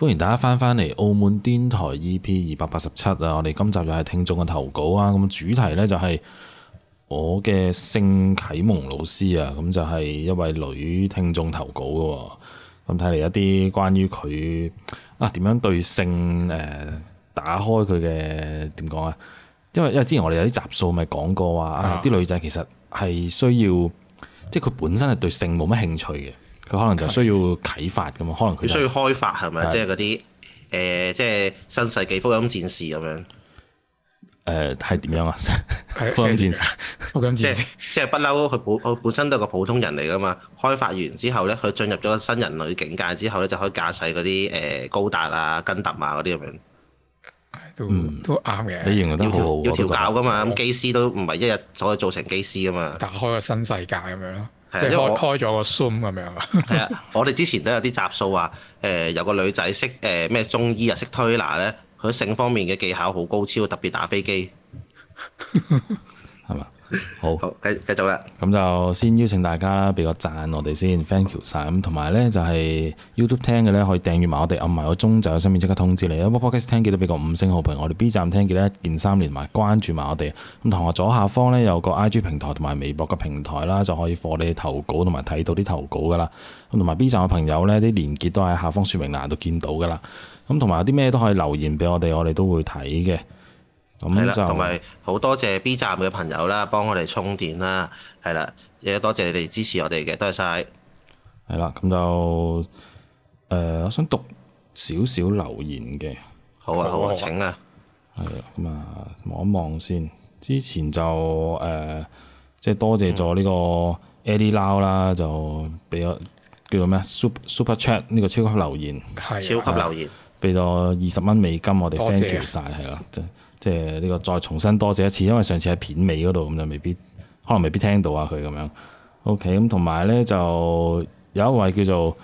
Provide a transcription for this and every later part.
歡迎大家翻返嚟澳門電台 EP 二百八十七啊！我哋今集又係聽眾嘅投稿啊！咁主題呢，就係我嘅性啟蒙老師啊！咁就係、是、一位女聽眾投稿嘅，咁睇嚟一啲關於佢啊點樣對性誒打開佢嘅點講啊？因為因為之前我哋有啲集數咪講過話 Yeah. 啊啲女仔其實係需要，即係佢本身係對性冇乜興趣嘅。佢可能就需要啟發咁嘛，可能佢需要開發係咪？即係嗰啲誒，即係新世紀福音戰士咁樣。誒係點樣啊？福音戰士，即係即係不嬲，佢普佢本身都係個普通人嚟噶嘛。開發完之後咧，佢進入咗新人類境界之後咧，就可以駕駛嗰啲誒高達啊、根特啊嗰啲咁樣。都都啱嘅，你認為都要調教噶嘛？咁機師都唔係一日就可以做成機師噶嘛？打開個新世界咁樣咯。即係開咗個 sum 咁樣啊！係啊，我哋之前都有啲集數話，誒、呃、有個女仔識誒咩、呃、中醫啊，識推拿咧，佢性方面嘅技巧好高超，特別打飛機，係 嘛？ 好好，繼繼續啦，咁 就先邀請大家啦，俾個讚我哋先，thank you 晒，咁同埋呢就係 YouTube 聽嘅呢，就是、可以訂閱埋我哋，按埋個鐘就有新片即刻通知你啊！播客聽記得俾個五星好評，我哋 B 站聽記得一鍵三連埋，關注埋我哋。咁同埋左下方呢，有個 IG 平台同埋微博嘅平台啦，就可以放你哋投稿同埋睇到啲投稿噶啦。咁同埋 B 站嘅朋友呢，啲連結都喺下方說明欄度見到噶啦。咁同埋有啲咩都可以留言俾我哋，我哋都會睇嘅。係啦，同埋好多謝 B 站嘅朋友啦，幫我哋充電啦，係啦，亦都多謝你哋支持我哋嘅，多謝晒。係啦，咁就誒、呃，我想讀少少留言嘅。好啊，好啊，好啊請啊。係啊，咁啊，望一望先。之前就誒，即、呃、係、就是、多謝咗呢個 Eddie Lau 啦、嗯，就俾咗叫做咩啊，Super Super Chat 呢個超級留言，超級留言，俾咗二十蚊美金，我哋 fans 住晒係咯。 即係呢個再重新多謝一次，因為上次喺片尾嗰度咁就未必，可能未必聽到啊佢咁樣。OK，咁同埋咧就有一位叫做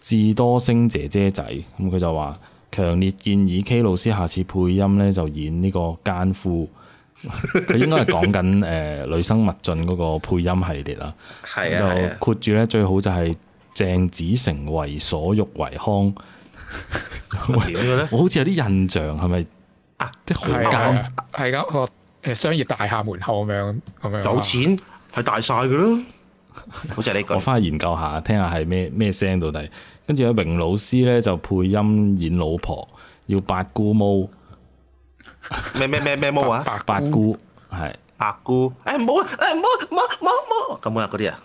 智多星姐姐仔，咁佢就話強烈建議 K 老師下次配音咧就演呢個奸夫，佢 應該係講緊誒女生勿進嗰個配音系列啦。係啊， 括住咧最好就係、是、鄭子成為所欲為康 我好似有啲印象係咪？是啊！即係好，係咁個誒，商業大廈門口咁樣，咁樣有錢係大晒噶囉，好似係呢個。我翻去研究下，聽下係咩咩聲到底。跟住阿榮老師咧就配音演老婆，要八姑毛，咩咩咩咩毛啊？八八姑係八姑，誒冇，誒冇冇冇冇，咁啊嗰啲啊，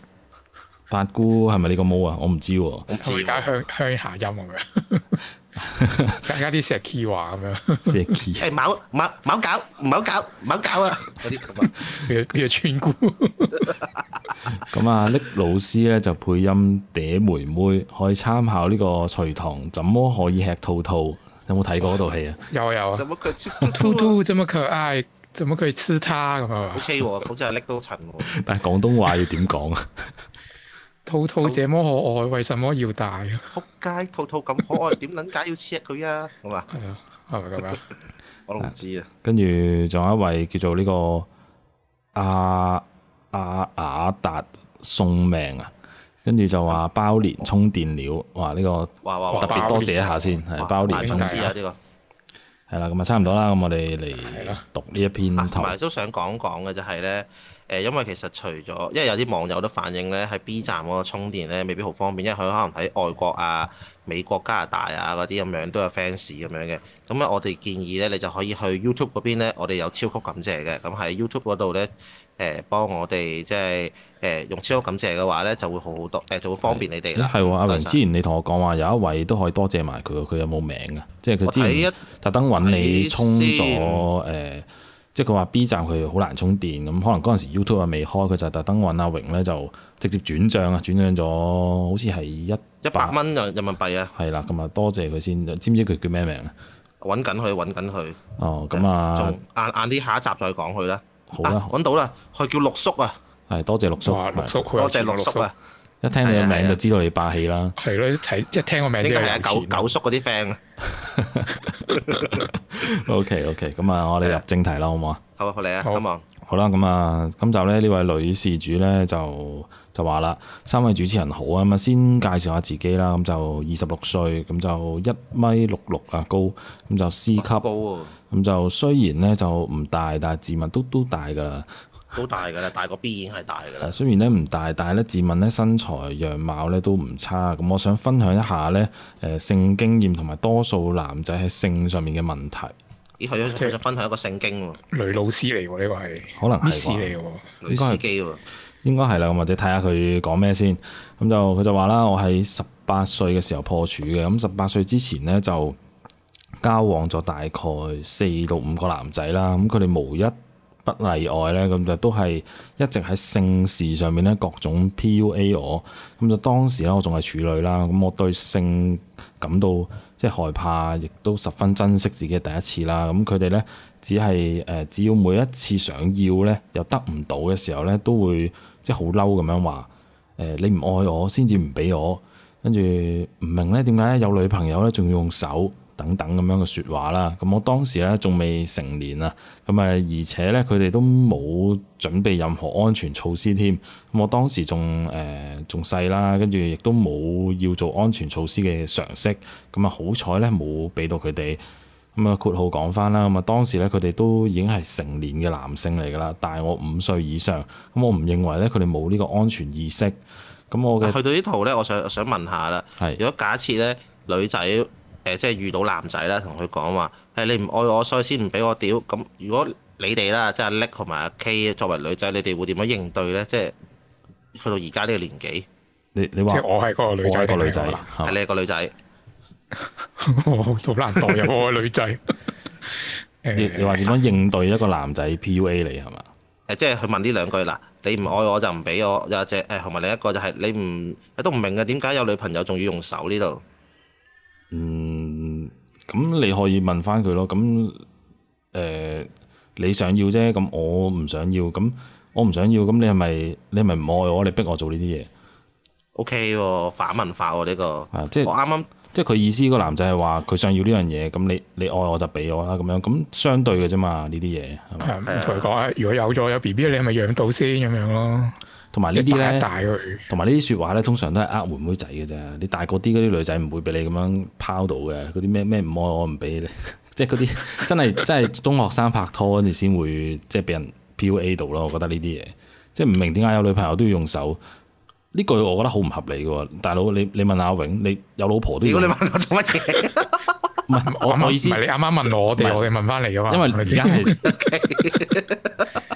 八姑係咪呢個毛啊？我唔知，我唔知。自家鄉鄉下音咁樣？更加啲石器話咁樣，石器。誒、 欸，冇冇冇搞，冇搞，冇搞啊！嗰啲咁啊，佢做叫做村姑。咁啊，叻老師咧就配音嗲妹妹，可以參考呢個隋唐，怎麼可以吃兔兔？有冇睇過嗰套戲啊？有有。怎麼佢兔兔這麼可愛？怎麼可以吃它咁啊？好好似係叻到塵喎。但係廣東話要點講？ 兔兔這麼可愛，為什麼要大啊？撲街！兔兔咁可愛，點撚解要 check 佢啊？好嘛？係啊，係咪咁樣啊？我都唔知啊。跟住仲有一位叫做呢個阿阿雅達送命啊，跟住就話包年充電了，話呢個特別多謝一下先，係包年充電啊呢個。係啦，咁啊差唔多啦，咁的我哋嚟讀呢一篇圖，同埋、啊、都想講講嘅就係、是、咧，誒、呃，因為其實除咗，因為有啲網友都反映咧，喺 B 站嗰個充電咧未必好方便，因為佢可能喺外國啊。美國、加拿大啊嗰啲咁樣都有 fans 咁樣嘅，咁咧我哋建議咧，你就可以去 YouTube 嗰邊咧，我哋有超級感謝嘅，咁喺 YouTube 嗰度咧，誒、欸、幫我哋即係誒用超級感謝嘅話咧，就會好好多，誒、欸、就會方便你哋啦。係喎的，阿、嗯啊、榮，謝謝之前你同我講話有一位都可以多謝埋佢，佢有冇名啊？即係佢之前特登揾你充咗誒，即係佢話 B 站佢好難充電，咁可能嗰陣時 YouTube 未開，佢就特登揾阿榮咧就直接轉帳啊，轉帳咗好似係一，一百蚊就人民幣啊！係啦，咁啊，多謝佢先，知唔知佢叫咩名啊？揾緊佢，揾緊佢。哦，咁啊，晏晏啲下一集再講佢啦。好啦，揾到啦，佢叫陸叔啊。係，多謝陸叔，多謝陸叔啊！一聽你個名就知道你霸氣啦。係咯，睇即係聽個名就係啊，九九叔嗰啲 friend 啊。OK，OK，咁啊，我哋入正題啦，好唔好啊？好，好嚟啊，好唔好啦，咁啊，今集咧呢位女事主咧，就就話啦，三位主持人好啊，咁啊先介紹下自己啦，咁就二十六歲，咁就一米六六啊高，咁就 C 級，咁就雖然咧就唔大，但係自問都都大噶啦，都大噶啦，大個必已經係大噶啦。雖然咧唔大，但係咧自問咧身材樣貌咧都唔差，咁我想分享一下咧，誒性經驗同埋多數男仔喺性上面嘅問題。佢喺分享一個聖經喎，女老師嚟喎，呢個係可能係喎，女老師喎，應該係啦。咁或者睇下佢講咩先。咁就佢就話啦，我喺十八歲嘅時候破處嘅。咁十八歲之前呢，就交往咗大概四到五個男仔啦。咁佢哋無一不例外咧，咁就都係一直喺性事上面咧各種 PUA 我。咁就當時咧我仲係處女啦。咁我對性感到即係害怕，亦都十分珍惜自己嘅第一次啦。咁佢哋咧，只係誒、呃，只要每一次想要咧又得唔到嘅時候咧，都會即係好嬲咁樣話誒，你唔愛我先至唔畀我，跟住唔明咧點解有女朋友咧仲要用手。等等咁樣嘅說話啦，咁我當時咧仲未成年啊，咁誒而且咧佢哋都冇準備任何安全措施添，咁我當時仲誒仲細啦，跟住亦都冇要做安全措施嘅常識，咁啊好彩咧冇俾到佢哋，咁啊括號講翻啦，咁啊當時咧佢哋都已經係成年嘅男性嚟噶啦，大我五歲以上，咁我唔認為咧佢哋冇呢個安全意識，咁我嘅去到呢度咧，我想我想問下啦，是如果假設咧女仔。誒即係遇到男仔啦，同佢講話誒你唔愛我，所以先唔俾我屌。咁如果你哋啦，即係 Alex 同埋阿 K 作為女仔，你哋會點樣應對呢？即係去到而家呢個年紀，你你話即係我係嗰個女仔，我係個女仔，係你係個女仔。我好難代入我個女仔。誒你話點樣應對一個男仔 PUA 你係嘛？誒即係佢問呢兩句嗱，你唔愛我就唔俾我。又或者誒，同埋另一個就係你唔都唔明嘅點解有女朋友仲要用手呢度。嗯，咁你可以問翻佢咯。咁誒、呃，你想要啫，咁我唔想要，咁我唔想要，咁你係咪你係咪唔愛我？你逼我做呢啲嘢？O K 喎，反文化喎、哦、呢個、啊、即係我啱啱即係佢意思，個男仔係話佢想要呢樣嘢，咁你你愛我就俾我啦，咁樣咁相對嘅啫嘛，呢啲嘢係咪？同佢講啊，如果有咗有 B B，你係咪養到先咁樣咯？同埋呢啲咧，同埋呢啲説話咧，通常都係呃妹妹仔嘅啫。你大個啲嗰啲女仔唔會俾你咁樣拋到嘅。嗰啲咩咩唔愛我唔俾你，即係嗰啲真係真係中學生拍拖先會即係俾人 PUA 到咯。我覺得呢啲嘢即係唔明點解有女朋友都要用手呢句，我覺得好唔合理㗎喎。大佬，你你問阿永，你有老婆都要如果你問我做乜嘢？唔係我啱啱意思，唔係你啱啱問我哋，我哋問翻你㗎嘛？因為而家係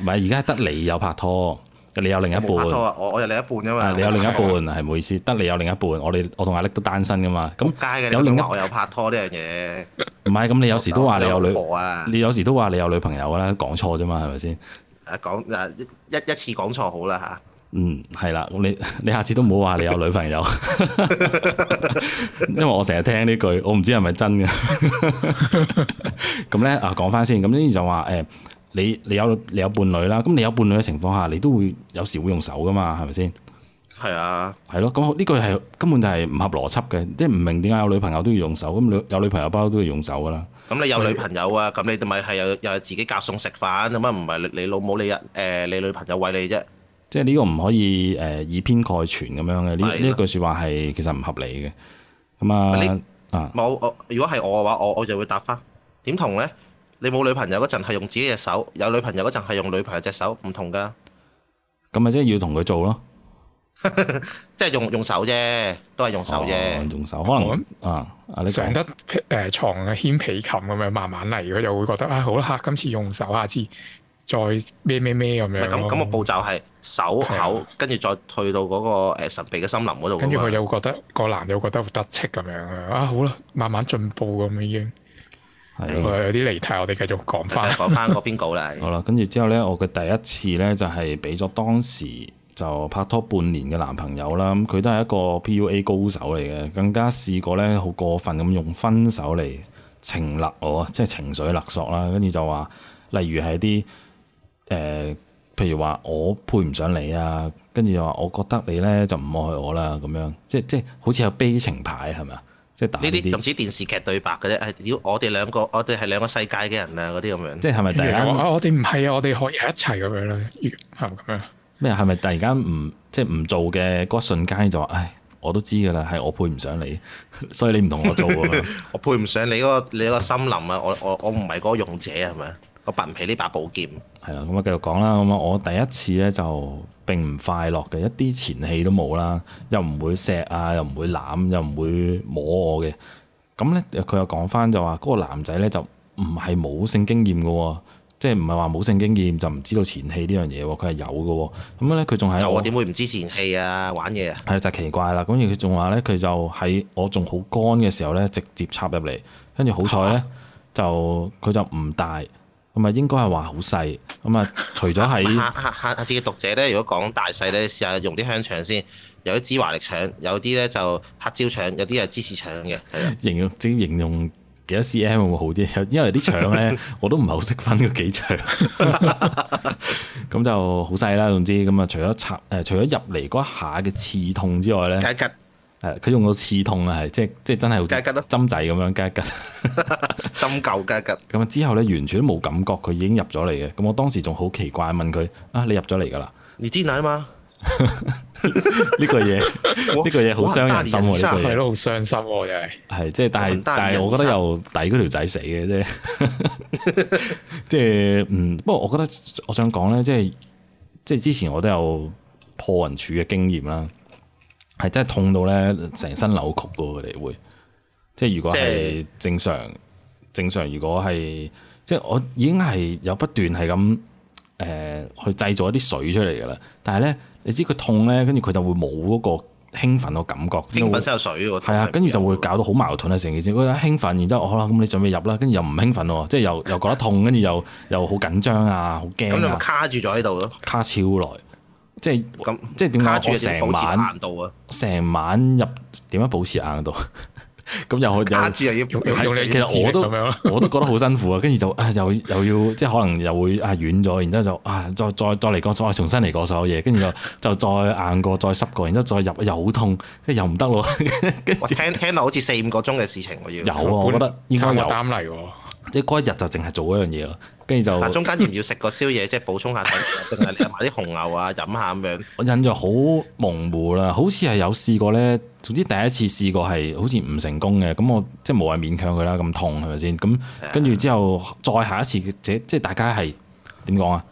唔係而家得你有拍拖？你有另一半，我有另一半啫嘛。你有另一半，係唔好意思，得你有另一半。我哋我同阿力都單身噶嘛。咁有另一半，我有拍拖呢樣嘢。唔係，咁你有時都話你有女，有女你有時都話你有女朋友啦，講錯啫嘛，係咪先？講、啊、一一,一次講錯好啦吓。啊、嗯，係啦，你你下次都唔好話你有女朋友，因為我成日聽呢句，我唔知係咪真嘅。咁 咧啊，講翻先，咁就話誒。嗯你你有你有伴侶啦，咁你有伴侶嘅情況下，你都會有時會用手㗎嘛，係咪先？係啊，係咯，咁呢句係根本就係唔合邏輯嘅，即係唔明點解有女朋友都要用手，咁有女朋友不嬲都要用手㗎喇。咁你有女朋友啊？咁你咪係又又係自己夾餸食飯，咁樣唔係你老母你日誒你女朋友餵你啫？即係呢個唔可以誒以偏概全咁樣嘅，呢呢句説話係其實唔合理嘅。咁啊，冇我如果係我嘅話，我我就會答返點同咧？你冇女朋友嗰陣係用自己隻手，有女朋友嗰陣係用女朋友隻手，唔同噶。咁咪 即係要同佢做咯。即係用用手啫，都係用手啫、哦。用手，可能啊，嗯、啊，你上得誒牀啊，呃、牽被琴咁樣，慢慢嚟，佢就會覺得啊、哎，好啦，今次用手，下次再咩咩咩咁樣。咁咁、咁個步驟係手口，跟住的再退到嗰個神秘嘅森林嗰度。跟住佢就會覺得個男又覺得好、嗯、得戚咁樣啊，好啦，慢慢進步咁樣已經。係，有啲離題，我哋繼續講翻，講翻嗰篇稿啦。好啦，跟住之後咧，我嘅第一次咧就係俾咗當時就拍拖半年嘅男朋友啦。咁佢都係一個 P.U.A. 高手嚟嘅，更加試過咧好過分咁用分手嚟情勒我，即係情緒勒索啦。跟住就話，例如係啲誒，譬如話我配唔上你啊，跟住又話我覺得你咧就唔愛我啦，咁樣，即係即係好似有悲情牌係咪啊？即係呢啲咁似電視劇對白嘅啫，係屌我哋兩個，我哋係兩個世界嘅人啊，嗰啲咁樣。即係咪突然間話，我我哋唔係啊，我哋可以一齊咁樣咯，係咪咁樣？咩係咪突然間唔即係唔做嘅嗰瞬間就話，唉我都知㗎啦，係我配唔上你，所以你唔同我做啊、 那個，我配唔上你嗰個你嗰個森林啊，我我我唔係嗰個勇者係咪？是個笨皮呢把寶劍係啦，咁我繼續講啦。咁啊，我第一次咧就並唔快樂嘅，一啲前戲都冇啦，又唔會錫啊，又唔會攬，又唔會摸我嘅。咁咧，佢又講翻就話嗰個男仔咧就唔係冇性經驗嘅，即係唔係話冇性經驗就唔知道前戲呢樣嘢。佢係有嘅。咁咧，佢仲係我點會唔知前戲啊？玩嘢啊？係就是、奇怪啦。咁而佢仲話咧，佢就喺我仲好乾嘅時候咧，直接插入嚟。跟住好彩咧，啊、就佢就唔帶。咁啊，應該係話好細。咁啊，除咗喺下下下次嘅讀者咧，如果講大細咧，試下用啲香腸先。有啲芝華力腸，有啲咧就黑椒腸，有啲係芝士腸嘅。形容即形容幾多 cm 會好啲？因為啲腸咧， 我都唔係好識分個幾長。咁 就好細啦。總之，咁啊，除咗插誒，除咗入嚟嗰一下嘅刺痛之外咧。吉吉係佢用到刺痛啊，係即係即係真係好針仔咁樣，針一針針灸，針一針咁之後咧完全都冇感覺，佢已經入咗嚟嘅。咁我當時仲好奇怪，問佢：啊，你入咗嚟噶啦？你知啦嘛？呢 個嘢呢、這個嘢好傷人心喎，呢個嘢咯，好傷心喎、啊，真係。係即係，但係但係，我覺得又抵嗰條仔死嘅啫。即係嗯，不過我覺得我想講咧，即係即係之前我都有破人處嘅經驗啦。係真係痛到咧，成身扭曲噶佢哋會，即係如果係正常，是正常如果係，即係我已經係有不斷係咁誒去製造一啲水出嚟噶啦。但係咧，你知佢痛咧，跟住佢就會冇嗰個興奮個感覺，興奮先有水。係啊，跟住對就會搞到好矛盾啊成件事。佢一興奮，然之後好啦，咁、哦、你準備入啦，跟住又唔興奮喎，即係又又覺得痛，跟住 又又好緊張啊，好驚。咁你咪卡住咗喺度咯，卡超耐。即係咁，即係卡住成晚，度啊！成晚入點樣保持硬度？咁又去卡住又要係，其實我都我都覺得好辛苦啊！跟住就啊，又又要即係可能又會啊軟咗，然之後就啊再再再嚟過，再重新嚟過所有嘢，跟住就再硬過，再濕過，然之後再入又好痛，即係又唔得咯。跟住聽聽落好似四五個鐘嘅事情我要有啊，我覺得應該有擔嚟，即係嗰一日就淨係做嗰樣嘢咯。跟住就，嗱，中間要唔要食個宵夜，即係補充下體力，定係買啲紅牛啊，飲下咁樣？我印象好模糊啦，好似係有試過呢。總之第一次試過係好似唔成功嘅，咁我即係冇謂勉強佢啦，咁痛係咪先？咁跟住之後再下一次，即係大家係點講啊？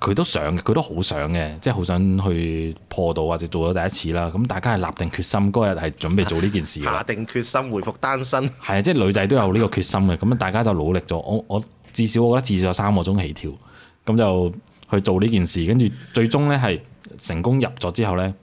佢都想，佢都好想嘅，即係好想去破度或者做咗第一次啦。咁大家係立定決心嗰日係準備做呢件事立 定決心回復單身，係啊，即係女仔都有呢個決心嘅。咁大家就努力咗，我我。我至少我覺得至少三個鐘起跳，咁就去做呢件事，跟住最終呢係成功入咗之後呢，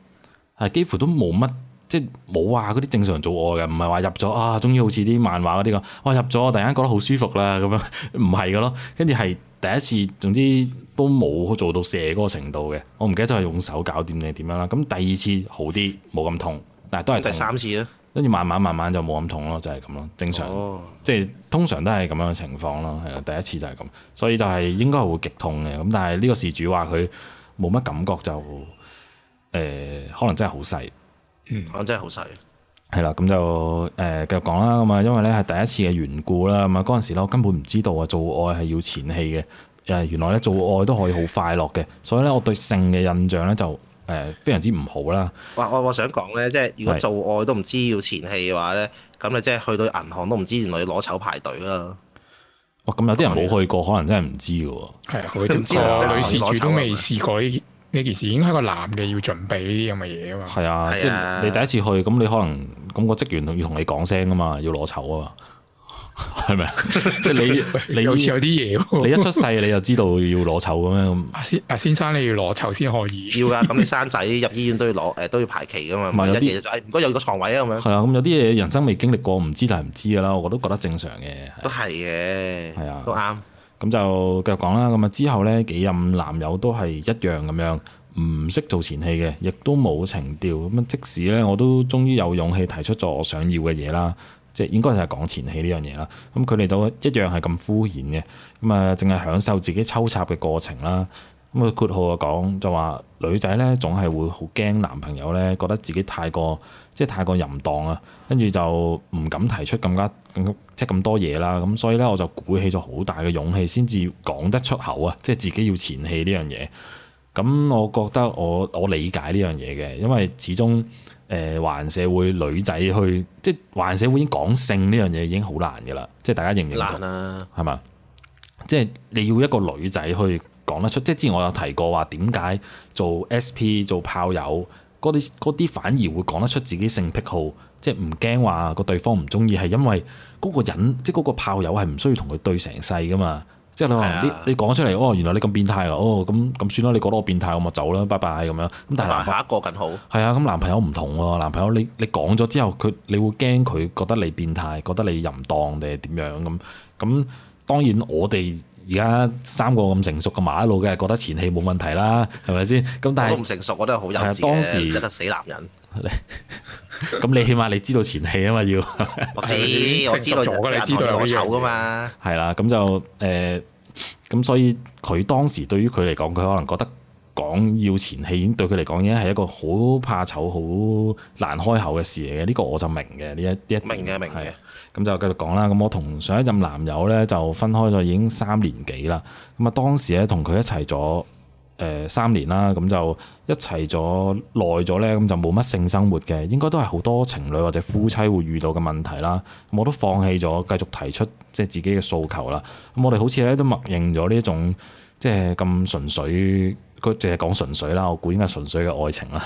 係幾乎都冇乜，即係冇話嗰啲正常人做我。礙嘅，唔係話入咗啊，終於好似啲漫畫嗰啲咁，哇、啊、入咗，突然間覺得好舒服啦咁樣，唔係嘅咯，跟住係第一次，總之都冇做到射嗰程度嘅，我唔記得都係用手搞掂定點樣啦。咁第二次好啲，冇咁痛，但係都係痛。第三次。跟住慢慢慢慢就冇咁痛咯，就係咁咯，正常，哦、即係通常都係咁樣嘅情況咯。係啊，第一次就係咁，所以就係應該係會極痛嘅。咁但係呢個事主話佢冇乜感覺就，誒、呃，可能真係好細，可能真係好細。係啦，咁就誒、呃、繼續講啦。咁啊，因為咧係第一次嘅緣故啦，咁啊嗰陣時咧我根本唔知道啊做愛係要前戲嘅。誒，原來咧做愛都可以好快樂嘅，所以咧我對性嘅印象咧就。誒非常之唔好啦！哇，我我想講咧，即係如果做愛都唔知要前戲嘅話咧，咁你是即係去到銀行都唔知原來要攞籌排隊啦、啊！哇、嗯，咁有啲人冇去過，可能真係唔知喎。係啊，佢點知，女事主都未試過呢呢件事，已經係個男嘅要準備呢啲咁嘅嘢啊嘛。係啊，即係你第一次去，咁你可能咁、個職員要同你講聲啊嘛，要攞籌啊嘛。係咪？即係你，你好似有啲嘢？你一出世，你就知道要攞籌咁樣。阿先阿先生，你要攞籌先可以。要噶，咁你生仔入醫院都要攞，誒都要排期噶嘛。唔係、哎、有啲嘢，唔該有個床位啊咁樣。係啊，咁有啲嘢人生未經歷過，唔知但係唔知噶啦。我都覺得正常嘅。都係嘅，係啊，都啱。咁就繼續講啦。咁啊之後呢，幾任男友都係一樣咁樣，唔識做前戲嘅，亦都冇情調。咁即使呢，我都終於有勇氣提出咗我想要嘅嘢啦。即係應該係講前戲呢樣嘢啦，咁佢哋都一樣係咁敷衍嘅，咁啊，淨係享受自己抽插嘅過程啦。咁啊，括號啊講就話女仔呢總係會好驚男朋友呢，覺得自己太過即係太過淫蕩啊，跟住就唔敢提出更加即係咁多嘢啦。咁所以呢，我就鼓起咗好大嘅勇氣，先至講得出口啊！即係自己要前戲呢樣嘢。咁我覺得我我理解呢樣嘢嘅，因為始終。誒、呃、華人社會女仔去，即係華人社會已經講性呢樣嘢已經好難嘅啦，即係大家認唔認同？難啦，係嘛？即係你要一個女仔去講得出，即係之前我有提過話點解做 SP 做炮友嗰啲嗰啲反而會講得出自己性癖好，即係唔驚話個對方唔中意，係因為嗰個人即係嗰個炮友係唔需要同佢對成世噶嘛。即係、啊、你話啲，你講出嚟哦，原來你咁變態㗎，哦咁咁算啦，你覺得我變態，我咪走啦，拜拜咁樣。咁但係男朋友一個更好。係啊，咁男朋友唔同喎、啊，男朋友你你講咗之後，佢你會驚佢覺得你變態，覺得你淫蕩定係點樣咁？咁當然我哋而家三個咁成熟嘅麻甩佬嘅，覺得前戲冇問題啦，係咪先？咁但係咁成熟，我都係好幼稚嘅、啊。當時得得死男人。咁 你起碼你知道前戲啊嘛要，我知 Okay, 我知道，我知道我醜噶嘛，係啦， 咁就誒，咁、呃、所以佢當時對於佢嚟講，佢可能覺得講要前戲，對佢嚟講已經係一個好怕醜、好難開口嘅事嚟嘅。呢個我就明嘅，呢一啲明嘅的明嘅。咁就繼續講啦。咁我同上一任男友呢，就分開咗已經三年幾啦。咁啊當時呢，同佢一齊咗。誒三年啦，咁就一齊咗耐咗呢，咁就冇乜性生活嘅，應該都係好多情侶或者夫妻會遇到嘅問題啦。咁我都放棄咗繼續提出即係自己嘅訴求啦。咁我哋好似咧都默認咗呢一種即係咁純粹，佢淨係講純粹啦。我估應該純粹嘅愛情啦，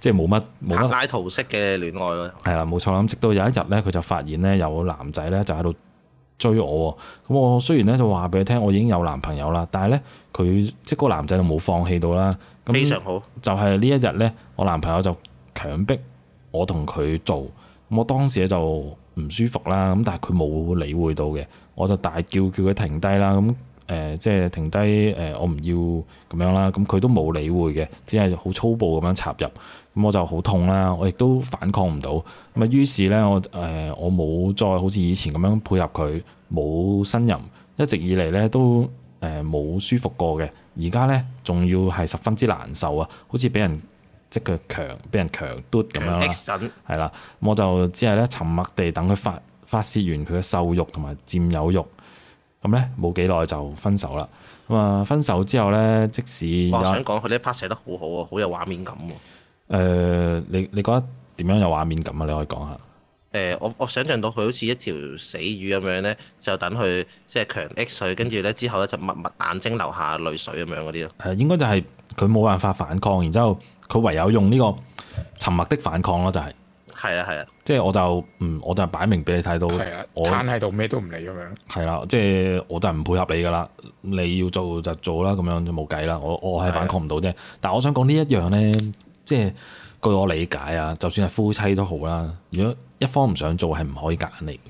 即係冇乜冇乜柏拉圖式嘅戀愛咯。係啦，冇錯啦。咁直到有一日呢，佢就發現呢，有個男仔呢，就喺度追我喎，咁我雖然咧就話俾佢聽，我已經有男朋友啦，但係咧佢即係個男仔就冇放棄到啦。咁非常好，就係呢一日咧，我男朋友就強迫我同佢做，咁我當時咧就唔舒服啦，咁但係佢冇理會到嘅，我就大叫叫佢停低啦咁。誒、呃、即係停低誒、呃，我唔要咁樣啦，咁、嗯、佢都冇理會嘅，只係好粗暴咁樣插入，咁、嗯、我就好痛啦，我亦都反抗唔到，咁啊於是咧我誒、呃、我冇再好似以前咁樣配合佢，冇呻吟，一直以嚟咧都誒冇、呃、舒服過嘅，而家咧仲要係十分之難受啊，好似俾人即佢強，俾人強奪咁樣啦，係啦，我就只係咧沉默地等佢發發泄完佢嘅獸慾同埋佔有慾。咁咧冇幾耐就分手啦。咁啊，分手之後咧，即使我想講佢呢一 part 寫得好好啊，好有畫面感喎、啊。你、呃、你覺得點樣有畫面感啊？你可以講下。誒、呃，我我想像到佢好似一條死魚咁樣咧，就等佢即係強 X 佢，跟住咧之後咧就默默眼睛流下淚水咁樣嗰啲咯。誒，應該就係佢冇辦法反抗，然之後佢唯有用呢個沉默的反抗咯、就係，就係。係啊，係啊，即係我就嗯，我就擺明俾你睇到，我攤喺度咩都唔理咁樣。係啦，即係我就唔配合你噶啦，你要做就做啦，咁樣就冇計啦。我我係反抗唔到啫。但係我想講呢一樣咧，即係據我理解啊，就算係夫妻都好啦，如果一方唔想做，係唔可以揀你。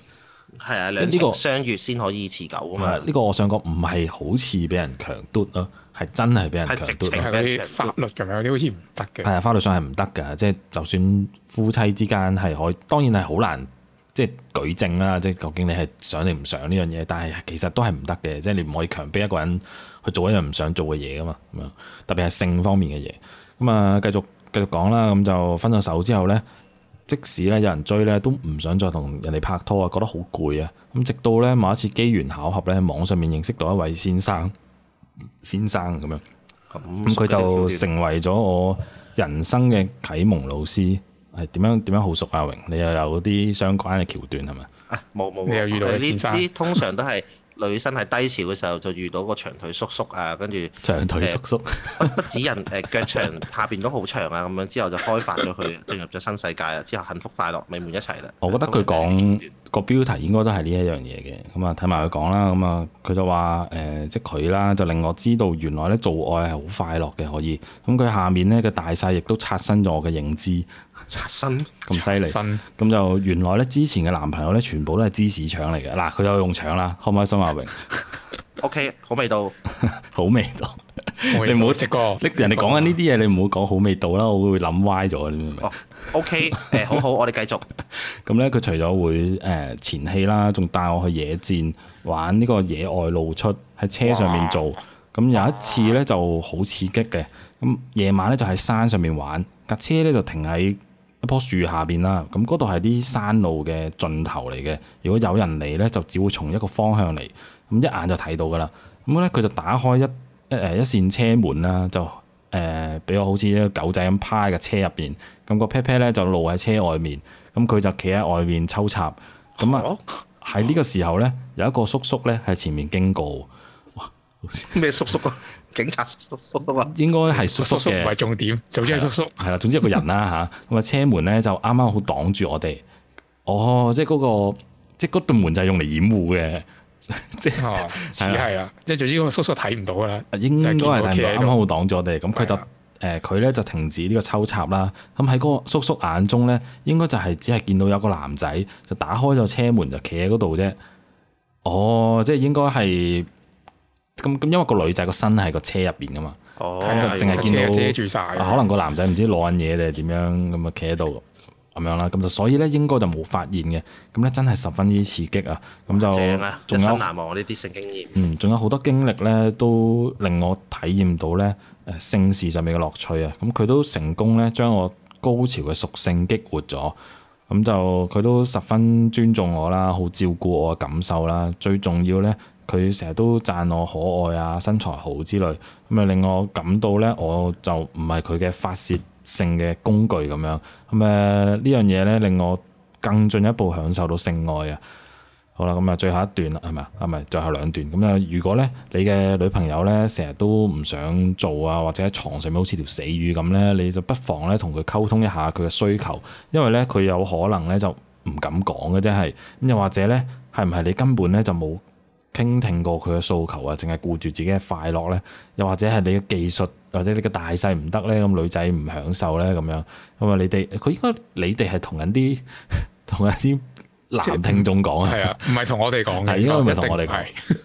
係啊，兩情相悅先可以持久，呢個啊嘛。呢、呢個我想講唔係好似俾人強奪咯。係真係俾人強迫係直情係嗰啲法律嘅咩？啲好似唔得嘅。係啊，法律上係唔得嘅。即係就算夫妻之間係可以，當然係好難，即係舉證啦。即係究竟你係想定唔想呢樣嘢？但係其實都係唔得嘅。即係你唔可以強迫一個人去做一樣唔想做嘅嘢噶嘛。咁樣特別係性方面嘅嘢。咁啊，繼續繼續講啦。咁就分咗手之後呢，即使咧有人追呢，都唔想再同人哋拍拖啊，覺得好攰啊。咁直到呢，某一次機緣巧合呢，喺網上面認識到一位先生。先生咁樣，咁佢、嗯嗯、就成為咗我人生嘅啟蒙老師。係點樣點樣好熟啊？榮，你又有啲相關嘅橋段係咪？啊，冇冇，你又遇到先生呢？通常都係女生係低潮嘅時候就遇到個長腿叔叔啊，跟住長腿叔叔指人誒，腳、呃、長下邊都好長啊，咁樣之後就開發咗佢，進入咗新世界啊，之後幸福快樂美滿一齊啦。我覺得佢講。個標題應該都係呢一樣嘢嘅，咁啊睇埋佢講啦，咁啊佢就話誒、呃，即佢啦，就令我知道原來咧做愛係好快樂嘅，可以。咁佢下面咧嘅大細亦都刷新咗我嘅認知，刷新咁犀利。咁新就原來咧之前嘅男朋友咧全部都係芝士腸嚟嘅，嗱，佢有用腸啦，可唔可以，阿榮？ O、okay, K，好味道， 好味道， 你唔好食過。呢 人哋講緊呢啲嘢，你唔好講好味道啦，我會諗歪咗。你明唔明？哦，O K，好好， 我哋繼續。咁呢， 佢除咗會誒前戲啦，仲帶我去野戰玩呢個野外露出，喺車上面做。咁哇有一次呢，哇就好刺激嘅。咁夜晚呢，就喺山上面玩，架車呢，就停喺一棵樹下邊啦。咁嗰度係啲山路嘅盡頭嚟嘅。如果有人嚟呢，就只會從一個方向嚟。咁一眼就睇到噶啦，咁咧佢就打開一誒一扇車門啦，就誒、呃、俾我好似一個狗仔咁趴喺個車入邊，咁、個 pet pet 咧就露喺車外面，咁佢就企喺外面抽插，咁啊喺呢個時候咧、啊、有一個叔叔咧喺前面經過，哇好似咩 叔叔啊？警察叔叔叔啊？應該係叔叔嘅，唔係重點，就即係叔叔。係啦、啊啊，總之有個人啦吓，咁 啊車門咧就啱啱好擋住我哋，哦，即係、嗰、嗰個即係嗰對門就係用嚟掩護嘅。 即係似係啦，即係總之個叔叔睇唔到啦，應該係啱啱好擋住我哋，咁佢、嗯、就誒佢咧就停止呢個抽插啦。咁喺嗰個叔叔眼中咧，應該就係只係見到有個男仔就打開咗車門就企喺嗰度啫。哦，即係應該係咁咁，因為個女仔個身喺個車入邊噶嘛，哦，淨係見到遮住晒，可能個男仔唔知攞緊嘢定係點樣咁啊企喺度。咁樣啦，咁就所以咧應該就冇發現嘅，咁咧真係十分之刺激啊！咁就有，仲有難忘呢啲性經驗，嗯，仲有好多經歷咧，都令我體驗到咧誒性事上面嘅樂趣啊！咁佢都成功咧將我高潮嘅屬性激活咗，咁就佢都十分尊重我啦，好照顧我嘅感受啦。最重要咧，佢成日都讚我可愛啊、身材好之類，咁啊令我感到咧我就唔係佢嘅發泄性嘅工具咁樣，咁誒呢樣嘢咧令我更進一步享受到性愛啊！好啦，咁啊最後一段啦，係咪啊？係咪最後兩段？咁啊，如果咧你嘅女朋友咧成日都唔想做啊，或者喺床上面好似條死魚咁咧，你就不妨咧同佢溝通一下佢嘅需求，因為咧佢有可能咧就唔敢講嘅啫係，咁又或者咧係唔係你根本咧就冇？傾聽過佢嘅訴求啊，淨係顧住自己嘅快樂咧，又或者係你嘅技術或者你嘅大細唔得咧，咁女仔唔享受咧咁樣，咁啊你哋佢應該你哋係同緊啲同緊啲。男聽眾講啊，係啊，唔係同我哋講嘅，應該唔係同我哋講。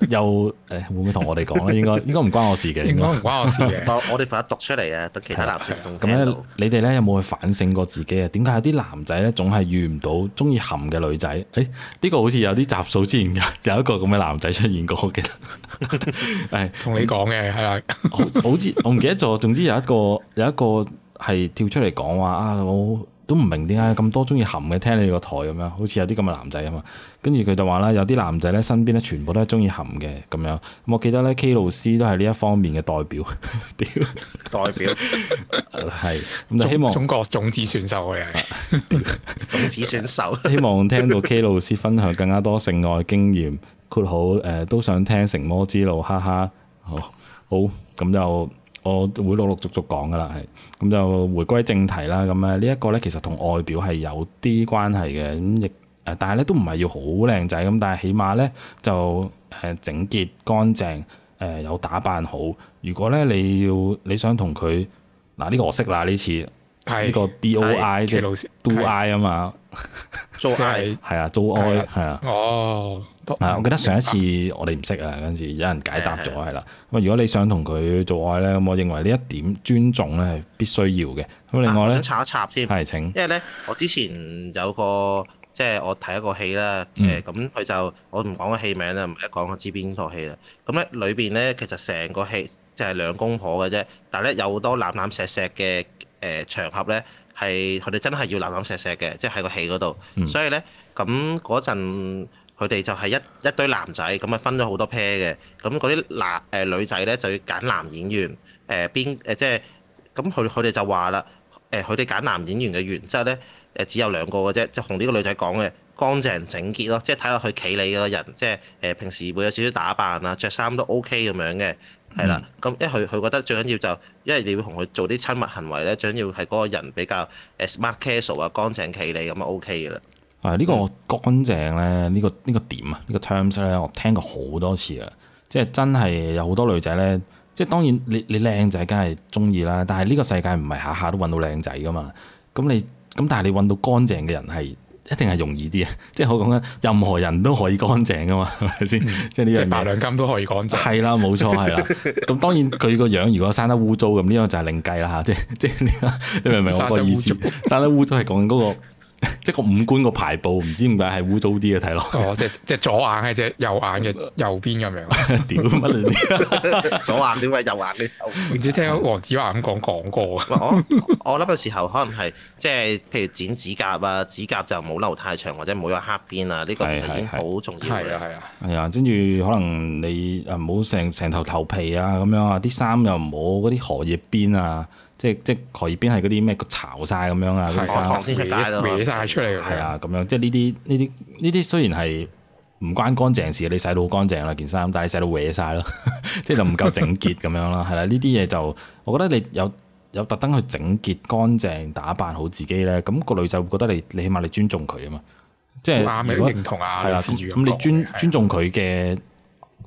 又誒、哎，會唔會同我哋講咧？應該應該唔關我事嘅，應該唔關我事嘅。 我哋快責讀出嚟嘅，讀其他男仔。咁咧、啊啊，你哋咧有冇去反省過自己啊？點解有啲男仔咧總係遇唔到中意含嘅女仔？誒、哎，呢、這個好似有啲雜數之前有一個咁嘅男仔出現過，我，我，我記得。係同你講嘅係，好似我唔記得咗。總之有一個有一個係跳出嚟講話啊，我、啊。啊都唔明點解咁多中意含嘅聽你個台咁樣，好似有啲咁嘅男仔啊嘛。跟住佢就話啦，有啲男仔咧身邊咧全部都係中意含嘅咁樣。我記得咧，K 老師都係呢一方面嘅代表， 代表係咁 就希望中國種子選手嚟，種子選手。希望聽到 K 老師分享更加多性愛經驗，括號，誒、呃、都想聽成魔之路，哈哈。好好咁就。我會陸陸續續講㗎喇，係咁就回歸正題啦。咁咧呢一個呢，其實同外表係有啲關係嘅。咁亦但係咧都唔係要好靚仔咁，但係起碼呢，就誒整潔乾淨，誒有打扮好。如果呢，你要你想同佢嗱呢個我識喇，呢次。呢個 D.O.I 即係 do I 啊嘛，做愛係啊，做愛係啊，哦係我記得上一次我哋唔識啊，嗰陣時有人解答咗係啦。咁如果你想同佢做愛咧，咁我認為呢一點尊重咧係必須要嘅。咁另外咧想插一插先。係請，因為咧我之前有個即係我睇一個戲啦，誒咁佢就我唔講個戲名啦，唔係一講我知邊套戲啦。咁咧裏邊咧其實成個戲即係兩公婆嘅啫，但係咧有好多攬攬錫錫嘅。誒、呃、場合咧係佢哋真係要揀揀石石攬攬錫錫嘅，即係喺個戲嗰度。嗯、所以咧咁嗰陣，佢哋就係一一堆男仔，咁啊分咗好多 pair 嘅。咁嗰啲男誒女仔咧就要揀男演員，誒、呃、邊誒、呃、即係咁佢佢哋就話啦誒佢哋揀男演員嘅原則咧誒、呃、只有兩個嘅啫，即就同呢個女仔講嘅。乾淨整潔咯，即係睇落去企理嗰個人，即係誒、呃、平時會有少少打扮啊，着衫都 OK 咁樣嘅，係啦、嗯。咁因為佢佢覺得最緊要就，因為你要同佢做啲親密行為咧，最緊要係嗰個人比較 smart casual 啊，乾淨企理咁啊 OK 嘅啦。啊、嗯，呢個乾淨咧，這個這個這個 ma，個 erm、呢個呢個點啊，呢個 terms 咧，我聽過好多次啊，即係真係有好多女仔咧，即係當然你你靚仔梗係中意啦，但係呢個世界唔係下下都揾到靚仔噶嘛。咁你咁但係你揾到乾淨嘅人係。一定係容易啲啊！即係好講緊，任何人都可以乾淨噶嘛，係咪先？ 即係呢樣嘢，大量金都可以乾淨。係啦， 冇錯係啦。咁當然佢個樣如果生得污糟咁，呢 個就係另計啦嚇。即係即係，你明唔明我個意思？生得污糟係講緊嗰個。 即係個五官個排布唔知點解係污糟啲嘅睇落。哦、 即係即係左眼係隻右眼嘅右邊咁樣。屌乜你？左眼點解右眼屌。 唔知聽黃子華咁講講過我我諗嘅時候可能係即係，譬如剪指甲啊，指甲就冇留太長，或者冇有黑邊、這個、 啊，呢個係好重要。係啊係啊。係啊，跟住可能你唔好成成頭頭皮啊咁樣啊，啲衫又唔好嗰啲荷葉邊啊。即係即係荷葉邊係嗰啲咩，個巢曬咁樣啊啲衫，搲曬的服出嚟係啊，咁樣，即係呢啲呢啲呢啲雖然係唔關乾淨事，你洗到好乾淨啦件衫，但係你洗到歪晒咯，即 係就唔夠整潔咁樣啦，係啦，呢啲嘢就我覺得你有有特登去整潔乾淨打扮好自己咧，咁個女仔會覺得你你起碼你尊重佢啊嘛，即係你認同啊，係啊的，咁你尊尊重佢嘅。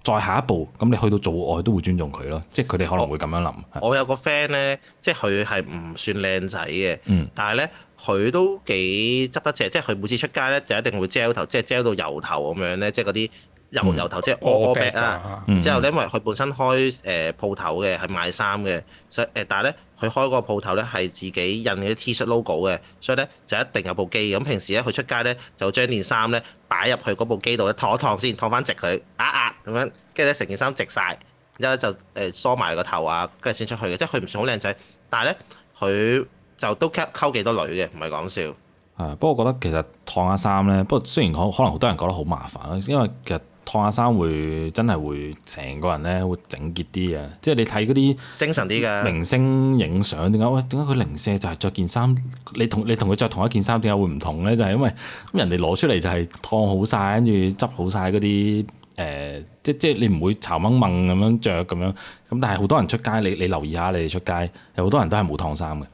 再下一步，咁你去到做愛都會尊重佢咯，即係佢哋可能會咁樣諗。我有個 friend 呢，即係佢係唔算靚仔嘅，嗯，但係呢，佢都幾執得正，即係佢每次出街呢，就一定會遮頭，即係遮到油頭咁樣呢，即係嗰啲。由由頭即係屙屙白啊！之後咧，因為佢本身開誒鋪頭嘅，係賣衫嘅，所以誒、呃，但係咧，佢開個鋪頭咧係自己印啲 T-shirt logo 嘅，所以咧就一定有部機。咁、嗯、平時咧，佢出街咧就將件衫咧擺入去嗰部機度咧，燙一燙先，燙翻直佢，壓壓咁樣，跟住咧成件衫直晒，之後咧就誒梳埋個頭啊，跟住先出去嘅。即係佢唔算好靚仔，但係咧佢就都溝幾多女嘅，唔係講笑。係，不過我覺得其實燙下衫咧，不過雖然可可能好多人覺得好麻煩，因為其實。燙下衫會真係會成個人咧會整潔啲啊。即係你睇嗰啲精神啲嘅明星影相，點解？喂，點解佢零舍就係着件衫？你同你同佢着同一件衫，點解會唔同咧？就係因為咁人哋攞出嚟就係燙好晒，跟住執好晒嗰啲誒，即即係你唔會巢掹掹咁樣着咁樣。咁但係好多人出街，你你留意下，你哋出街有好多人都係冇燙衫嘅。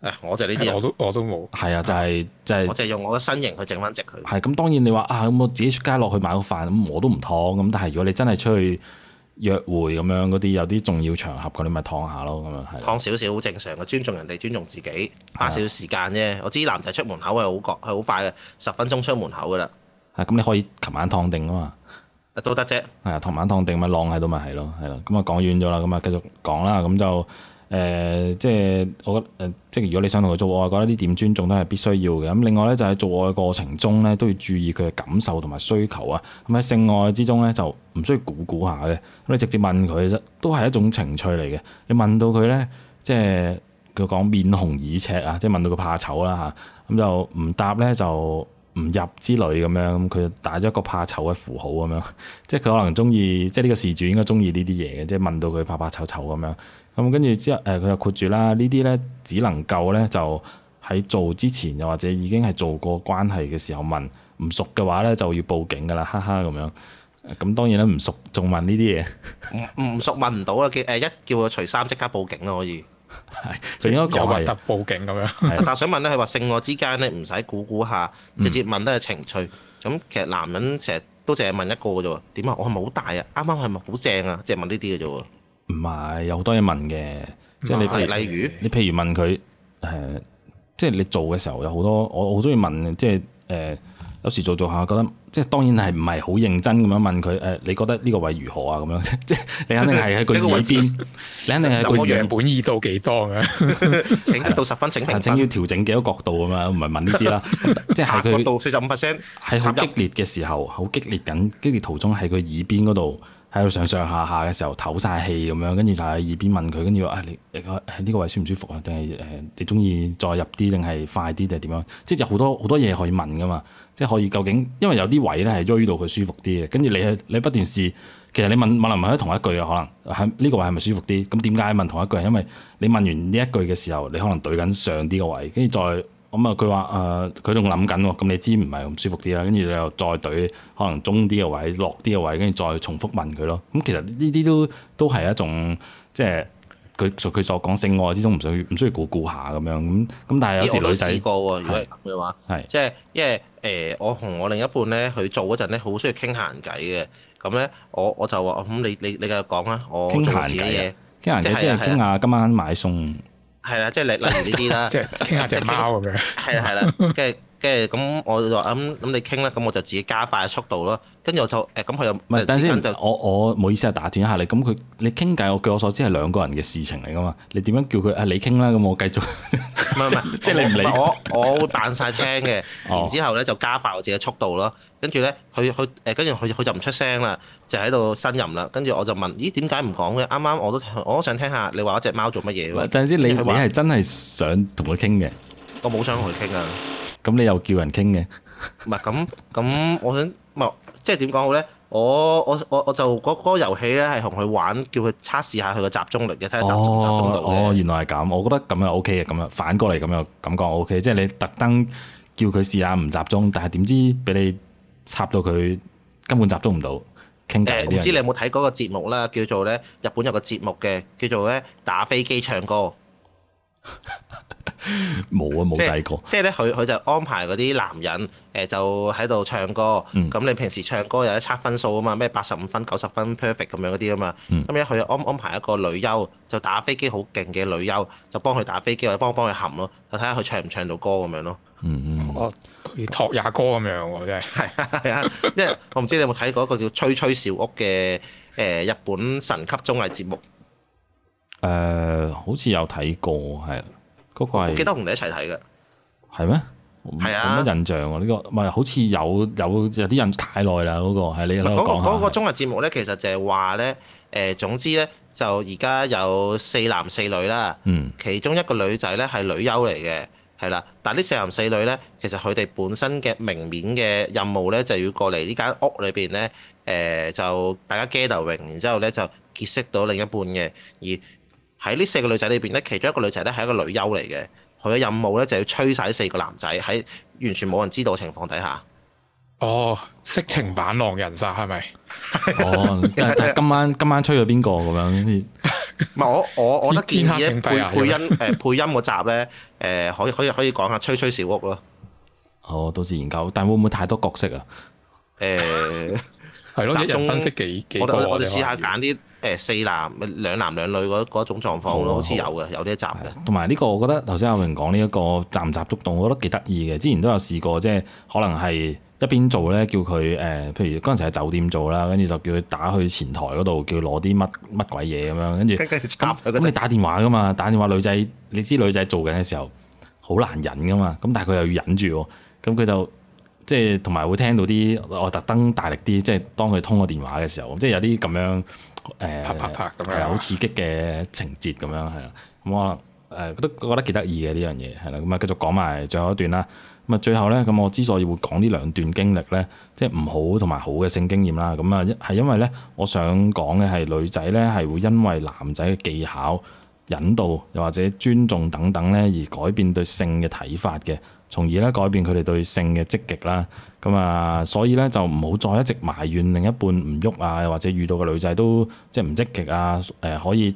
哎、我就呢啲，我都我都冇，係啊對對、就係，就係就係，我就係用我嘅身形去整翻直佢。係對，咁對當然你話啊，咁我自己出街落去買個飯，咁我都唔燙咁，但係如果你真係出去約會咁樣嗰啲，有啲重要場合你咪燙下咯，咁樣係。燙少少好正常嘅，尊重人哋，尊重自己，花少少時間啫。的我知男仔出門口係好趕，係好快嘅，十分鐘出門口噶啦。係，咁你可以琴晚燙定啊嘛。都得啫。係啊，琴晚燙定咪晾喺度咪係咯，係啦、就係。咁啊講遠咗啦，咁啊繼續講啦，咁就。誒、呃、即係我覺得誒即係如果你想同佢做愛，覺得呢點尊重都係必須要嘅。咁另外咧就喺、是、做愛過程中咧都要注意佢嘅感受同埋需求啊。咁、嗯、喺性愛之中咧就唔需要估估下嘅，咁、嗯、你直接問佢啫，都係一種情趣嚟嘅。你問到佢咧，即係佢講面紅耳赤啊，即係問到佢怕醜啦吓，咁就唔答咧就，唔入之類咁樣，咁佢就打咗一個怕醜嘅符號咁樣，即係佢可能中意，即係呢個事主應該中意呢啲嘢嘅，即係問到佢怕怕醜醜咁樣。咁跟住之後，誒佢又括住啦，呢啲咧只能夠咧就喺做之前，又或者已經係做過關係嘅時候問，唔熟嘅話咧就要報警噶啦，哈哈咁樣。咁當然咧唔熟仲問呢啲嘢，唔熟問唔到啊，誒一叫佢除衫即刻報警咯可以。係，仲 是應該講係。有核突報警咁樣。 但係想問咧，係話性愛之間咧唔使估估下，直接問都係情趣。咁、嗯、其實男人成日都淨係問一個嘅啫喎。點啊？我係咪好大啊？啱啱係咪好正啊？即係問呢啲嘅啫喎。唔係，有好多嘢問嘅。即係是你例如，你譬如問佢，誒、呃，即、就、係、是、你做嘅時候有好多，我我好中意問，即係誒，有時做做下覺得。即係當然係唔係好認真咁樣問佢誒？你覺得呢個位如何啊？咁樣即係你肯定係喺佢耳邊， 病你肯定係個樣本意到幾多咁樣？請一到十分請請要調整幾多角度咁樣？唔係問呢啲啦， 即係佢到四十五 percent 係好激烈嘅時候，好激烈緊，激烈途中喺佢耳邊嗰度喺度上上下下嘅時候唞晒氣咁樣，跟住就喺耳邊問佢，跟住話啊你呢個位舒唔舒服啊？定係誒你中意再入啲定係快啲定係點樣？即係有好多好多嘢可以問㗎嘛。即係可以，究竟因為有啲位咧係觸到佢舒服啲嘅，跟住你你不斷試，其實你問問嚟問去同一句嘅可能，喺、這、呢個位係咪舒服啲？咁點解問同一句？因為你問完呢一句嘅時候，你可能對緊上啲個位，跟住再咁啊佢話誒，佢仲諗緊喎，咁、呃、你知唔係咁舒服啲啦，跟住你又再對可能中啲嘅位、落啲嘅位，跟住再重複問佢咯。咁其實呢啲都都係一種即係。佢就佢就講性愛之中唔需唔需要顧顧下咁樣咁咁，但係有時女仔如果係咁嘅話即係因為誒我同我另一半咧佢做嗰陣咧好需要傾閒偈嘅，咁咧我我就話咁你你你繼續講啦，我傾閒偈嘅傾閒偈即係傾下今晚買餸，係啦，即係例如呢啲啦，即係傾下隻貓咁樣，係啦係啦，即係。嘅咁我就話咁你傾啦，咁我就自己加快速度咯。跟住我就誒咁佢又唔係等陣先，我我唔好意思啊，打斷一下你。咁佢你傾偈，我據我所知係兩個人嘅事情嚟噶嘛。你點樣叫佢啊？你傾啦，咁我繼續。即係你唔理我，我會扮晒聽嘅。然之後咧就加快我自己嘅速度咯。跟住咧佢佢誒，跟住佢佢就唔出聲啦，就喺度呻吟啦。跟住我就問：咦，點解唔講嘅？啱啱我都我都想聽下你話嗰隻貓做乜嘢喎。等陣先，你你係真係想同佢傾嘅？我冇想同佢傾啊！咁你又叫人傾嘅？唔係咁咁，我想唔係即係點講好咧？我我我我就嗰嗰個遊戲咧係同佢玩，叫佢測試下佢嘅集中力嘅，睇下集集中度嘅。哦，原來係咁。我覺得咁樣 OK 嘅，咁樣反過嚟咁樣感覺 OK。即係你特登叫佢試下唔集中，但係點知俾你插到佢根本集中唔到傾偈。我唔知你有冇睇嗰個節目啦，叫做咧日本有個節目嘅，叫做咧打飛機唱歌。冇 啊，冇睇過。即係咧，佢佢就安排嗰啲男人，誒、呃，就喺度唱歌。咁、嗯、你平時唱歌有一測分數啊嘛？咩八十五分、九十分、perfect 咁樣嗰啲啊嘛。咁一去，安安排一個女優，就打飛機好勁嘅女優，就幫佢打飛機，或者幫幫佢含咯，就睇下佢唱唔唱到歌咁樣咯、嗯。嗯。 我托下歌咁樣，我真係。係啊，即係我唔知你有冇睇過一個叫《吹吹小屋》嘅、呃、誒日本神級綜藝節目。誒，好似有睇過，係嗰個係，記得同你一齊睇嘅，係咩？係啊，冇乜印象啊呢個，唔係好似有有有啲印象，太耐啦，嗰個係你嗰個講。嗰個嗰個綜藝節目咧，其實就係話咧，誒，總之咧，就而家有四男四女啦，嗯，其中一個女仔咧係女優嚟嘅，係啦，但係呢四男四女咧，其實佢哋本身嘅明面嘅任務咧，就要過嚟呢間屋裏邊咧，誒，就大家 gathering，然之後咧就結識到另一半嘅，而喺呢四個女仔裏邊咧，其中一個女仔咧係一個女優嚟嘅，佢嘅任務咧，就要吹晒四個男仔，喺完全冇人知道嘅情況底下。哦，色情版狼人殺係咪？是是 哦今，今晚今晚吹咗邊個咁樣？唔係 我我我覺得天黑請閉配音誒配音嗰集咧誒、呃、可以可以可以講下吹吹小屋咯。哦，到時研究，但會唔會太多角色啊？誒。 係咯，對集中一分析幾幾我哋我試下揀啲誒四男咪兩男兩女嗰嗰一種狀況，嗯、好似有嘅，有啲集嘅。同埋呢個我覺得頭先阿榮講呢一個集唔集觸動，我覺得幾得意嘅。之前都有試過，即係可能係一邊做咧，叫佢誒，譬如嗰陣時喺酒店做啦，跟住就叫佢打去前台嗰度，叫佢攞啲乜乜鬼嘢咁樣。跟住咁你打電話噶嘛？打電話女仔，你知女仔做緊嘅時候好難忍噶嘛？咁但係佢又要忍住，咁佢就。即係同埋會聽到啲我特登大力啲，即係當佢通過電話嘅時候，即係有啲咁樣誒、呃、啪啪啪咁樣，係好刺激嘅情節咁樣係啊，咁、嗯、我誒、嗯、都覺得幾得意嘅呢樣嘢係啦。咁啊、嗯、繼續講埋最後一段啦。咁、嗯、啊最後咧，咁我之所以會講呢兩段經歷咧，即係唔好同埋好嘅性經驗啦。咁啊係因為咧，我想講嘅係女仔咧係會因為男仔嘅技巧、引導又或者尊重等等咧而改變對性嘅睇法嘅。從而咧改變佢哋對性嘅積極啦，咁啊，所以咧就唔好再一直埋怨另一半唔喐啊，又或者遇到嘅女仔都即係唔積極啊，誒、呃、可以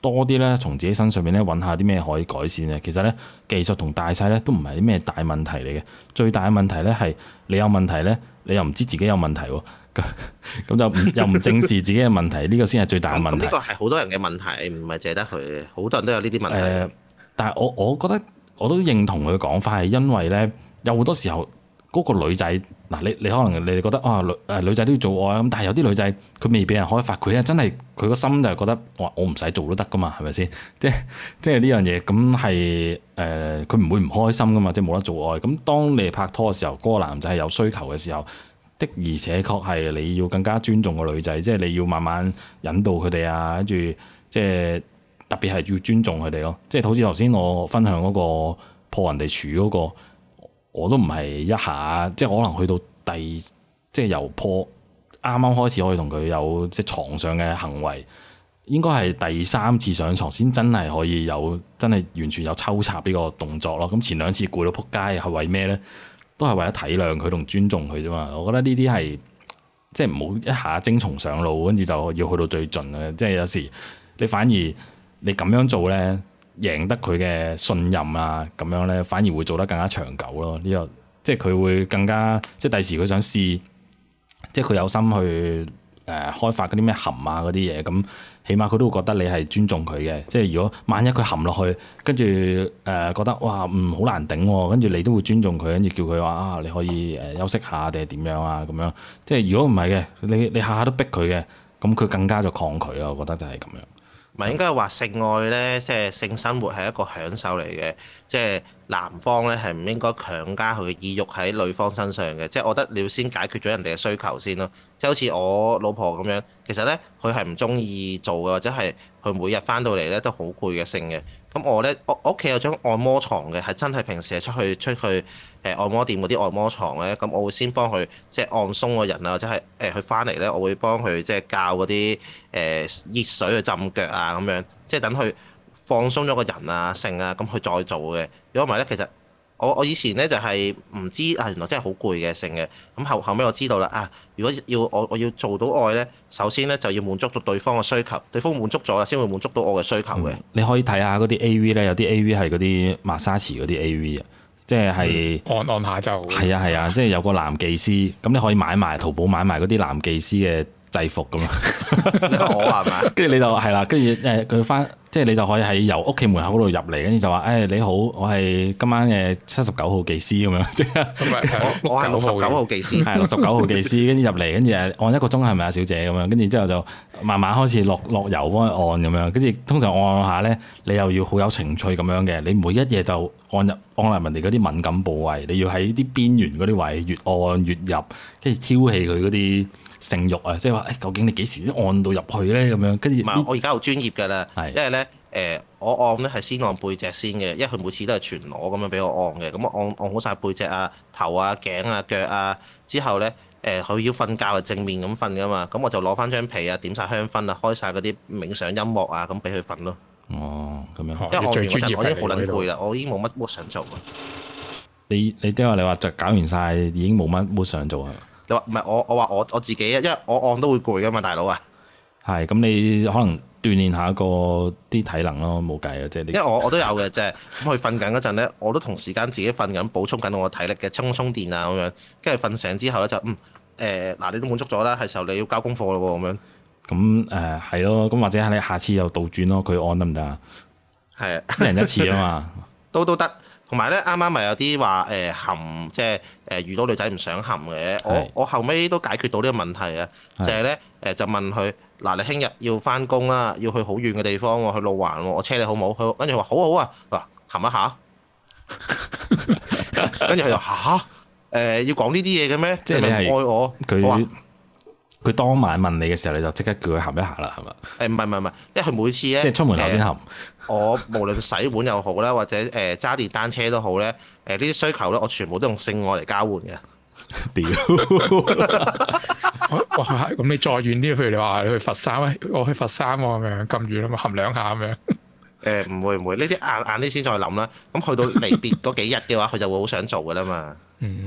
多啲咧從自己身上面咧揾下啲咩可以改善嘅。其實咧技術同大細咧都唔係啲咩大問題嚟嘅，最大嘅問題咧係你有問題咧，你又唔知自己有問題、啊，咁 咁就又唔正視自己嘅問題，呢 個先係最大嘅問題。咁呢個係好多人嘅問題，唔係淨係得佢，好多人都有呢啲問題。呃、但係我我覺得。我都認同佢講法，係因為咧有好多時候嗰、那個女仔嗱，你你可能你覺得啊女女仔都要做愛啊，咁但係有啲女仔佢未俾人開發，佢啊真係佢個心就覺得哇我唔使做都得噶嘛，係咪先？即即係呢樣嘢咁係誒，佢唔、呃、會唔開心噶嘛，即係冇得做愛。咁當你拍拖嘅時候，嗰、那個男仔係有需求嘅時候的，而且確係你要更加尊重個女仔，即係你要慢慢引導佢哋啊，跟住即係。特別係要尊重佢哋咯，即係好似頭先我分享嗰個破人哋處嗰個，我都唔係一下，即係可能去到第，即係由破啱啱開始可以同佢有即係牀上嘅行為，應該係第三次上床先真係可以有真係完全有抽插呢個動作咯。咁前兩次攰到仆街係為咩咧？都係為咗體諒佢同尊重佢啫嘛。我覺得呢啲係即係唔好一下精蟲上腦，跟住就要去到最盡啊！即係有時你反而。你咁樣做咧，贏得佢嘅信任啊，咁樣咧反而會做得更加長久咯。呢、這個即係佢會更加，即係第時佢想試，即係佢有心去誒、呃、開發嗰啲咩含啊嗰啲嘢，咁、嗯、起碼佢都會覺得你係尊重佢嘅。即係如果萬一佢含落去，跟住誒覺得哇，唔、呃、好難頂喎、啊，跟住你都會尊重佢，跟住叫佢話啊你可以誒休息下定係點樣啊咁樣。即係如果唔係嘅，你你,你下下都逼佢嘅，咁佢更加就抗拒咯。我覺得就係咁樣。唔係，應該係話性愛咧，即係性生活係一個享受嚟嘅，即係男方咧係唔應該強加佢嘅意欲喺女方身上嘅，即係我覺得你要先解決咗人哋嘅需求先咯，即係好似我老婆咁樣，其實咧佢係唔中意做嘅，或者係佢每日翻到嚟咧都好攰嘅性嘅。咁我咧，我屋企有張按摩床嘅，係真係平時係出去出去誒按摩店嗰啲按摩床咧。咁我會先幫佢即係按鬆個人啊，或者係誒佢翻嚟咧，我會幫佢即係教嗰啲誒熱水去浸腳啊咁樣，即係等佢放鬆咗個人啊性啊，咁佢再做嘅。如果唔係咧，其實～我我以前咧就係唔知啊，原來真係好攰嘅性嘅。咁後後尾我知道啦啊！如果要我我要做到愛咧，首先咧就要滿足到對方嘅需求，對方滿足咗先會滿足到我嘅需求嘅、嗯。你可以睇下嗰啲 A.V. 咧，有啲 A.V. 係嗰啲 m 沙池嗰啲 A.V. 啊，即係按按下就係啊係啊， 即係有個男技師咁，你可以買埋淘寶買埋嗰啲男技師嘅。制服咁啊！我係嘛？跟住你就係啦，跟住誒佢翻，即係、就是、你就可以喺由屋企門口嗰度入嚟，跟住就話：誒、哎、你好，我係今晚嘅七十九號技師咁樣。我我係六十九號技師，係六十九號技師。跟住入嚟，跟住按一個鐘係咪啊，小姐咁樣？跟住之後就慢慢開始落落油幫佢按咁樣。跟住通常按下咧，你又要好有情趣咁樣嘅。你每一嘢就按入按入人哋嗰啲敏感部位，你要喺啲邊緣嗰啲位越按越入，跟住挑起佢嗰啲。性慾啊，即係話誒，究竟你幾時都按到入去咧咁樣？跟住唔係我而家好專業㗎啦是、呃，因為咧誒，我按咧係先按背脊先嘅，因為佢每次都係全裸咁樣俾我按嘅，咁我按按好晒背脊啊、頭啊、頸啊、腳啊，之後咧誒，佢、呃、要瞓覺係正面咁瞓㗎嘛，咁我就攞翻張被啊，點晒香薰啊，開晒嗰啲冥想音樂啊，咁俾佢瞓咯。哦，咁樣，因為我而我，我已經好攰啦，我已經冇乜嘢想做你。你話你即係你話就搞完晒，已經冇乜冇想做啊？你話唔係我，我話我我自己啊，因為我按都會攰㗎嘛，大佬啊。係，咁你可能鍛鍊下個啲體能咯，冇計啊，即係你。因為我我都有嘅啫，咁佢瞓緊嗰陣咧，我都同時間自己瞓緊，補充緊我體力嘅充充電啊咁樣。跟住瞓醒之後咧就嗯誒嗱、呃，你都滿足咗啦，係時候你要交功課咯喎咁樣。咁誒係咯，咁、呃、或者係你下次又倒轉咯，佢按得唔得啊？係，一人一次啊嘛，都都得。同埋咧，啱啱咪有啲話誒含，即係誒遇到女仔唔想含嘅，我我後尾都解決到呢個問題啊，就係咧誒就問佢，嗱你聽日要翻工啦，要去好遠嘅地方喎，去路環喎，我車你好唔好？佢跟住話好好啊，嗱含一下，跟住佢就話嚇誒要講呢啲嘢嘅咩？即係你愛我，佢話。佢當晚問你嘅時候，你就即刻叫佢含一下啦，係嘛？誒唔係唔係唔係，因為佢每次咧即係出門口先含、呃。我無論洗碗又好啦，或者誒揸、呃、電單車都好咧，誒呢啲需求咧，我全部都用性愛嚟交換嘅。屌！哇，咁你再遠啲，譬如你話你去佛山咧，我去佛山喎咁樣咁遠啊嘛，含兩下咁樣。誒唔會唔會？呢啲硬晏啲先再諗啦。咁去到離別嗰幾日嘅話，佢就會好想做噶啦嘛。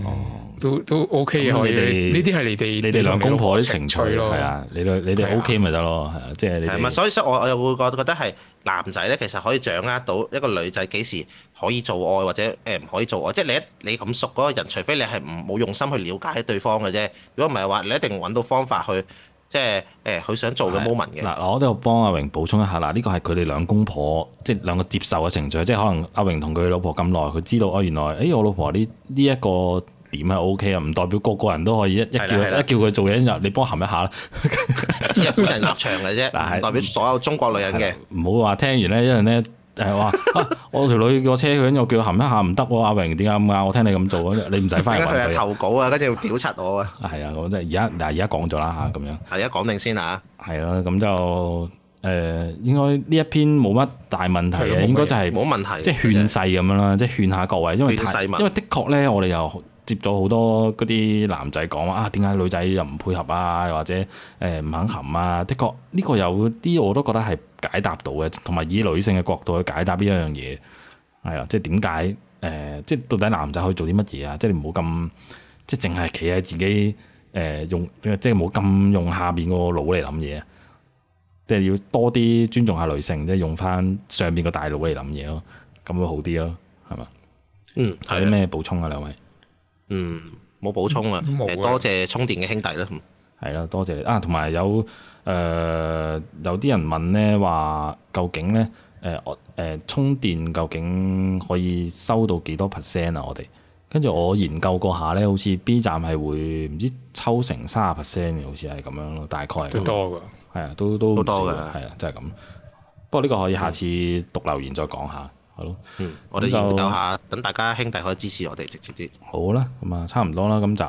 哦、嗯，都都 OK 嘅，可以。呢啲係你哋，你哋兩公婆啲情趣咯。係啊，你哋你哋 OK 咪得咯，係啊，即係你。係咪，所以所以我我又會覺覺得係男仔咧，其實可以掌握到一個女仔幾時可以做愛或者誒唔可以做愛。即係你一你咁熟嗰個人，除非你係唔冇用心去了解對方嘅啫。如果唔係話，你一定揾到方法去。即係誒，佢、欸、想做嘅 moment 嘅。嗱的，我都幫阿榮補充一下。嗱，呢個係佢哋兩公婆，即係兩個接受嘅程序。即係可能阿榮同佢老婆咁耐，佢知道哦，原來誒、欸、我老婆呢呢一個點係 OK 啊，唔代表個個人都可以一了一叫了一叫佢做嘢。一日你幫我含一下啦，了 只係某人入場嘅啫，唔喇代表所有中國女人嘅。唔好話聽完咧，因為咧。誒，哇、 啊！我條女我車佢，跟住我叫佢含一下，唔得喎，阿榮，點解咁啊？我聽你咁做， 你唔使翻入嚟投稿啊，跟住要屌柒我啊！係啊，我即係而家嗱，而家講咗啦吓，咁樣，而家講定先吓，係咯，咁就誒，應該呢一篇冇乜大問題嘅，的應該就係、是、冇問題，即係勸世咁樣啦，即係勸下各位，因為太，因為的確咧，我哋又。接咗好多嗰啲男仔講啊，點解女仔又唔配合啊？或者誒唔肯含啊？的確呢個有啲我都覺得係解答到嘅，同埋以女性嘅角度去解答呢一樣嘢係啊，即係點解誒？即係到底男仔可以做啲乜嘢啊？即係你唔好咁即係淨係企喺自己誒用即係即係唔好咁用下邊個腦嚟諗嘢，即係要多啲尊重下女性，即係用翻上邊個大腦嚟諗嘢咯，咁會好啲咯，係嘛？嗯，有啲咩補充啊？兩位？嗯，冇補充啦，多謝充電嘅兄弟啦，係啦，多謝你啊，同埋有誒、呃、有啲人問咧話，究竟咧我誒充電究竟可以收到幾多 percent 啊？我哋跟住我研究過下咧，好似 B 站係會唔知抽成卅 percent 嘅，好似係咁樣咯，大概係多嘅，係啊，都都唔多嘅，係啊，就係、是、咁。不過呢個可以下次讀留言再講下。係咯， 我都研究下，等 大家兄弟可以支持我哋，直接啲好啦，咁啊差唔多啦，今集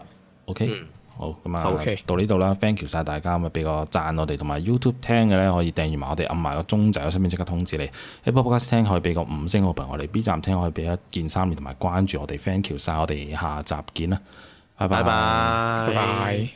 ，OK，、嗯、好，咁啊、嗯、，OK，到呢度啦，thank you 晒大家，咁啊俾個讚我哋，同埋 YouTube 聽嘅咧可以訂閱埋我哋，撳埋個鐘仔，我身邊即刻通知你，喺 Apple Podcast 聽可以俾個五星好評，我哋 B 站聽可以俾一件衫，同埋關注我哋，thank you 晒，我哋下集見啦，拜拜，拜拜。